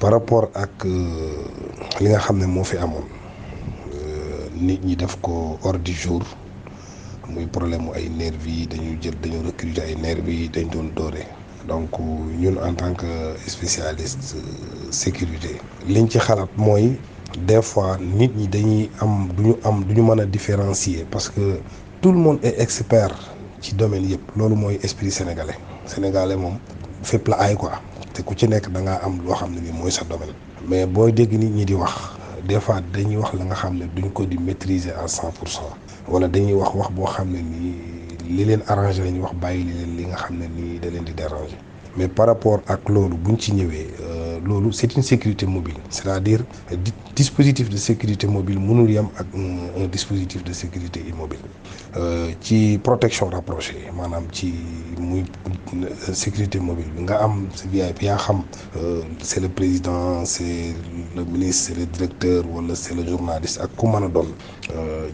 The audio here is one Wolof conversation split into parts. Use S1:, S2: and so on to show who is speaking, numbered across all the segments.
S1: par rapport ak euh, li nga xam ne moo fi amoon euh, nit ñi def ko hors du jour muy problème mu ay nervi yi dañu jël dañu recruter ay nervi yi dañ doon doore donc ñun en tant que spécialiste euh, sécurité liñ ci xalaat mooy des fois nit ñi dañuy am duñu am duñu mën a différencier parce que tout le monde est expert ci domaine yëpp loolu mooy esprit sénégalais sénégalais moom fépp la aay quoi te ku ci nekk da ngaa am loo xam ne ni mooy sa domaine. mais booy dégg nit ñi di wax. des fois dañuy wax la nga xam ne duñ ko di maîtriser à cent pour cent. wala dañuy wax wax boo xam ne nii li leen arrangé la ñuy wax bàyyi li leen li nga xam ne nii da leen di déranger. mais par rapport ak loolu bu ñu ci ñëwee loolu c'est une sécurité mobile c'est-à-dire dispositif de sécurité mobile mënul yem ak un dispositif de sécurité immobile euh, ci protection rapprochée maanaam ci muy euh, sécurité mobile bi nga am sa VIP yaa xam euh, c'est le président c'est le ministre c'est le directeur wala c'est le journaliste ak ku mën a doon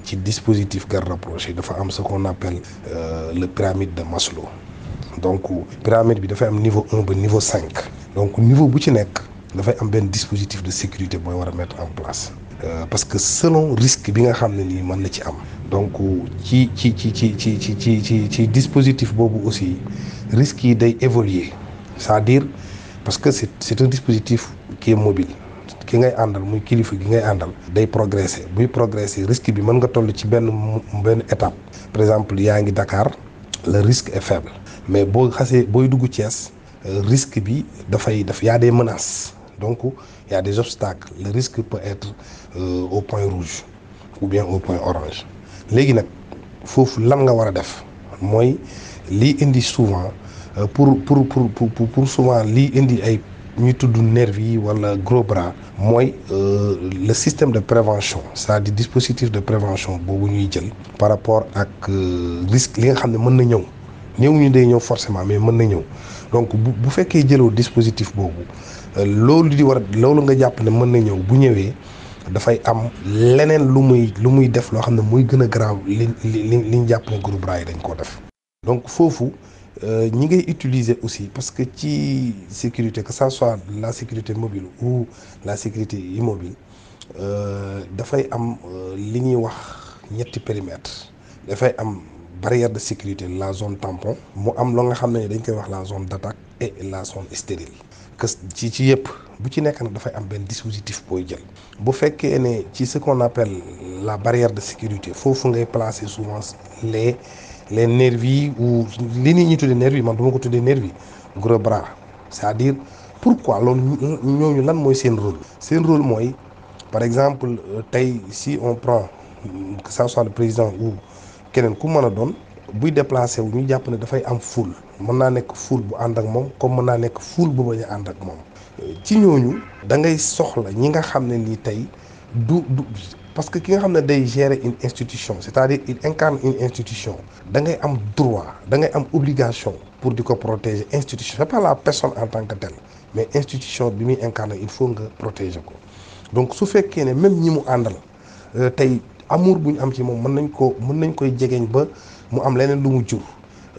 S1: ci dispositif garde rapprochée dafa am ce qu'on appelle le pyramide de Maslow donc pyramide bi dafa am niveau un ba niveau cinq donc niveau bu ci nekk dafay am benn dispositif de sécurité booy war a mettre en place. Euh, parce que selon risque bi nga xam ne nii mën na ci am. donc ci ci ci ci ci ci ci ci ci dispositif boobu aussi risques yi day évoluer cest à parce que c'est c'est un dispositif qui est mobile. ki ngay àndal muy kilifa gi ngay àndal. day progresser buy progresser risque bi mën nga toll ci benn benn étape. par exemple yaa ngi dakaar le risque est faible. mais boo xasee booy dugg Thiès. Euh, risque bi dafay daf y a des menaces donc il y a des obstacles le risque peut être euh, au point rouge ou bien au point orange léegi nag foofu lan nga war a def mooy li indi souvent euh, pour pour pour pour, pour souvent lii indi ay ñuy tudd nervi yi wala gros bras mooy euh, le système de prévention cest à dispositif de prévention boobu ñuy jël par rapport ak risque li nga xam ne mën na ñëw ñëwuñu day ñëw forcément mais mën na ñëw donc bu bu fekkee jëloo dispositif boobu euh, loolu di war loolu nga jàpp ne mën na ñëw bu ñëwee dafay am leneen lu muy lu muy def loo xam ne muy gën a garaaw li li li ñu jàpp yi dañ koo def. donc foofu euh, ñi ngay utiliser aussi parce que ci sécurité que ça soit la sécurité mobile ou la sécurité immobile euh, dafay am li ñuy wax ñetti périmètre dafay am. barrière de sécurité la zone tampon mu am loo nga xam ne dañ koy wax la zone d'attaque et la zone stérile que ci ci yëpp bu ci nekk nag dafay am benn dispositif booy jël bu fekkee ne ci ce qu'on appelle la barrière de sécurité foofu ngay placer souvent les les nervis ou li nit ñu tuddee nervis man du ma ko tuddee nervis gros bras c'est-à-dire pourquoi loolu ñooñu lan mooy seen rôle seen rôle mooy par exemple euh, tey si on prend que ça soit le président ou keneen ku mën a doon buy déplacé wu ñu jàpp ne dafay am foule mën naa nekk foule bu ànd ak moom comme mën naa nekk foule bu bañ ànd ak moom ci ñooñu dangay soxla ñi nga xam ne nii tey du du parce que ki nga xam ne day gérer une institution c'est-à-dire il incarne une institution dangay am droit dangay am obligation pour di ko protéger institution c'est pas la personne en tant que telle mais institution bi muy incarne il faut nga protéger ko donc su fekkee ne même ñi mu àndal euh, amour bu ñu am ci moom mën nañ ko mën nañ koy jegeeñ ba mu am leneen lu mu jur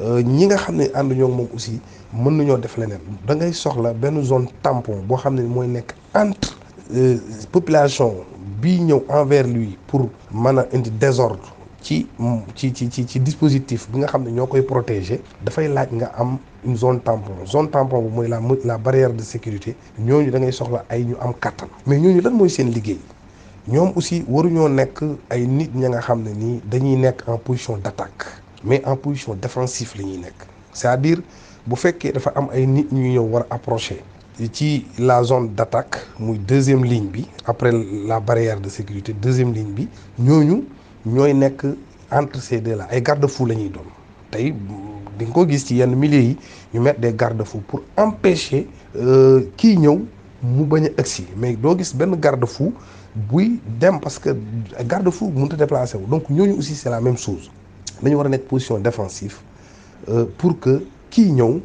S1: euh, ñi nga xam ne ànd ñoo moom aussi mën nañoo def leneen da ngay soxla benn zone tampon boo xam ne mooy nekk entre euh, population bi ñëw envers lui pour mën a indi désordre ci ci ci ci ci dispositif bi nga xam ne ñoo koy protéger dafay laaj nga am une zone tampon zone tampon bu mooy la la barrière de sécurité ñooñu da ngay soxla ay ñu am kattan mais ñooñu lan mooy seen liggéey ñoom aussi waruñoo nekk ay nit ña nga xam ne nii dañuy nekk en position d'attaque mais en position défensive la ñuy nekk c'est-à-dire bu fekkee dafa am ay nit ñu ñëw war a approcher ci la zone d'attaque muy deuxième ligne bi après la barrière de sécurité deuxième ligne bi ñooñu ñooy nekk entre ces deux là ay garde-fou la ñuy doon tey di nga ko gis ci yenn milieu yi ñu mettre des garde-fous pour empêcher euh, kii ñëw mu bañ a agsi mais doo gis benn garde-fou buy dem parce que garde fou mun a déplacé wu donc ñooñu aussi c'est la même chose dañu war a nekk position défensive euh, pour que kii ñëw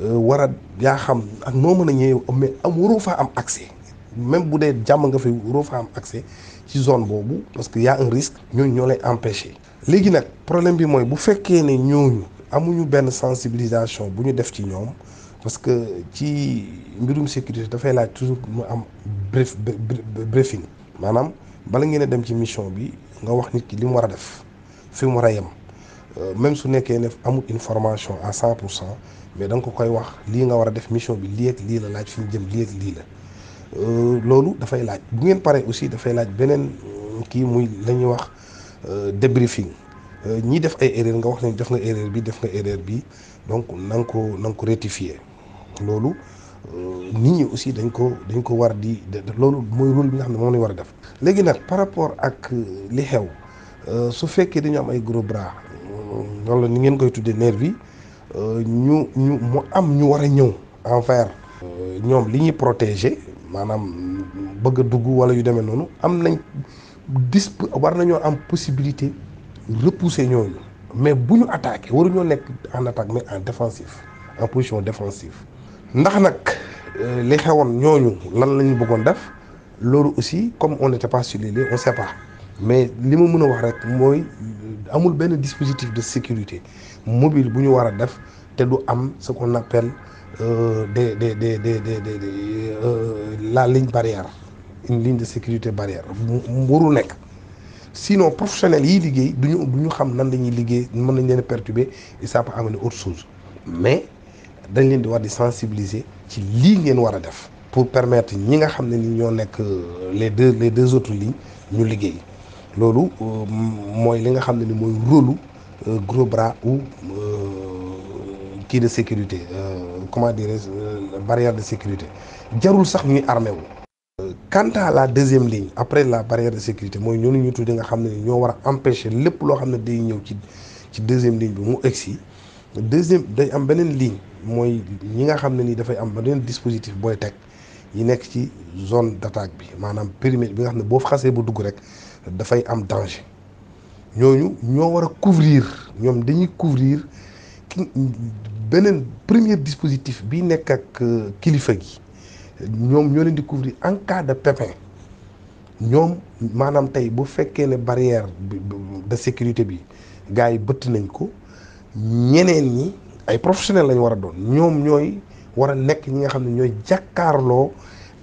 S1: euh, war a yaa xam ak noo mën a ñëw mais am waroo faa am accès même bu dee jàmm nga fay waroo fa am accès ci zone boobu parce que yaa un risque ñooñu ñoo lay empêcher. léegi nag problème bi mooy bu fekkee ne ñooñu amuñu benn sensibilisation bu ñu def ci ñoom parce que ci mbirum sécurité dafay laaj toujours mu am brief maanaam bala ngeen a dem ci mission bi nga wax nit ki li mu war a def fi mu war a yem euh, même su nekkee ne amul une formation à cent pour cent mais danga ko koy wax lii nga war a def mission bi lii ak lii la laaj fi mu jëm lii ak lii euh, loolu dafay laaj bu ngeen paree aussi dafay laaj beneen euh, kii muy la ñuy wax débriefing ñii def ay erreur nga wax ne def nga erreur bi def nga erreur bi donc na nga ko nang ko rectifier loolu nit ñi aussi dañ ko dañ ko war di loolu mooy rôle bi nga xam ne moom lañ war a def léegi nag par rapport ak euh, li xew euh, su fekkee dañu am ay gros bras wala euh, ni ngeen koy tuddee nervi ñu ñu mu am ñu war a ñëw envers ñoom li ñuy protéger maanaam bëgg a dugg wala yu demee noonu am nañ disp war nañoo am possibilité repousser ñooñu mais bu ñu attaqué waruñoo nekk en attaque mais en défensif en position défensive ndax nag euh, li xewoon ñooñu lan la ñu bëggoon def loolu aussi comme on n'était pas sur on sait pas mais li ma mën a wax rek mooy amul benn dispositif de sécurité mobile bu ñu war a def te du am ce qu'on appelle euh, des des des des des, des euh, la ligne barrière une ligne de sécurité barrière mu warul nekk sinon professionnels yiy liggéey ñu du ñu xam nan la ñuy liggéey mën nañ leen a perturber et ça peut amener autre mais dañ leen di war di sensibiliser ci lii ngeen war a def pour permettre ñi nga xam ne ni ñoo nekk euh, les deux les deux autres lignes ñu liggéey loolu euh, mooy li nga xam ne ni mooy rôlu euh, gros bras ou kii de sécurité comment dirais barrière de sécurité jarul sax ñuy armé wu quant à la deuxième ligne après la barrière de sécurité mooy ñooñu ñu tuddi nga xam ne ni ñoo war a empêcher lépp loo xam ne day ñëw ci ci deuxième ligne bi mu egsi deuxième day am beneen lii mooy ñi nga xam ne nii dafay am beneen dispositif booy teg yi nekk ci zone d'attaque bi maanaam périmètre bi nga xam ne boo xasee bu dugg rek dafay am danger ñooñu ñoo war a couvrir ñoom dañuy couvrir ki beneen premier dispositif bi nekk ak euh, kilifa gi ñoom ñoo leen di couvrir en cas de ñoom maanaam tey bu fekkee ne barrière de sécurité bi gars yi bëtt nañ ko ñeneen ñi ay professionnels lañ war a doon ñoom ñooy war a nekk ñi nga xam ne ñooy jàkkaarloo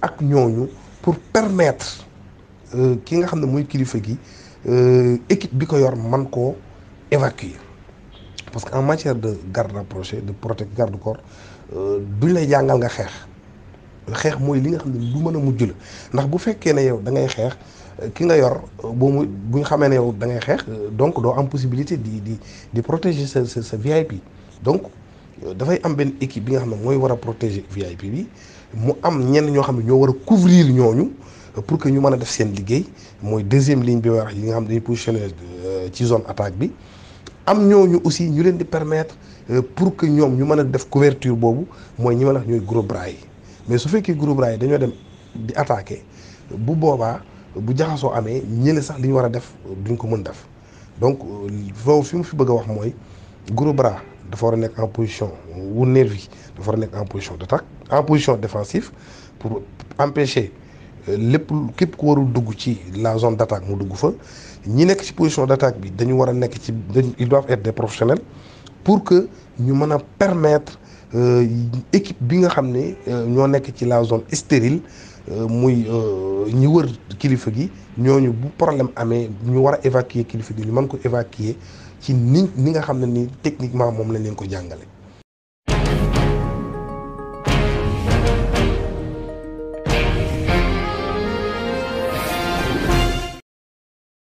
S1: ak ñooñu pour permettre euh, ki nga xam ne muy kilifa gi euh, équipe bi ko yor man ko évacuer parce que en matière de garde rapprochée de protect garde corps euh, duñ lay jàngal nga xeex xeex mooy li nga xam ne lu mën a mujj la ndax bu fekkee ne yow da ngay xeex ki nga yor boo mu bu ñu xamee ne yow da ngay xeex donc doo am possibilité di di di protéger sa sa sa VIP donc dafay am benn équipe bi nga xam ne mooy war a protéger VIP bi mu am ñenn ñoo xam ne ñoo war a couvrir ñooñu pour que ñu mën a def seen liggéey mooy deuxième ligne bi wax yi nga xam ne dañuy positionné euh, ci zone attaque bi am ñooñu aussi ñu leen di permettre euh, pour que ñoom ñu mën a def couverture boobu mooy ñi la wax ñooy gros bras yi mais su fekkee gros yi dañoo dem di attaquer bu boobaa. bu jaxasoo amee ñële sax li ñu war a def duñ ko mën def donc foofu fi mu fi bëgg a wax mooy Gros Bras dafa war a nekk en position wu nervi dafa war a nekk en position d'attaque en position pour empêcher euh, lépp képp ku warul dugg ci la zone d'attaque mu dugg fa ñi nekk ci position d'attaque bi dañu war a nekk ci ils doivent être des professionnels pour que ñu mën a permettre euh, équipe bi nga xam ne euh, ñoo nekk ci la zone stérile Euh, muy euh, ñi wër kilifa gi ñooñu bu problème amee ñu war a évacuer kilifa gi ñu mën ko évacuer ci ni ni nga xam ne ni techniquement moom lañ leen ko jàngale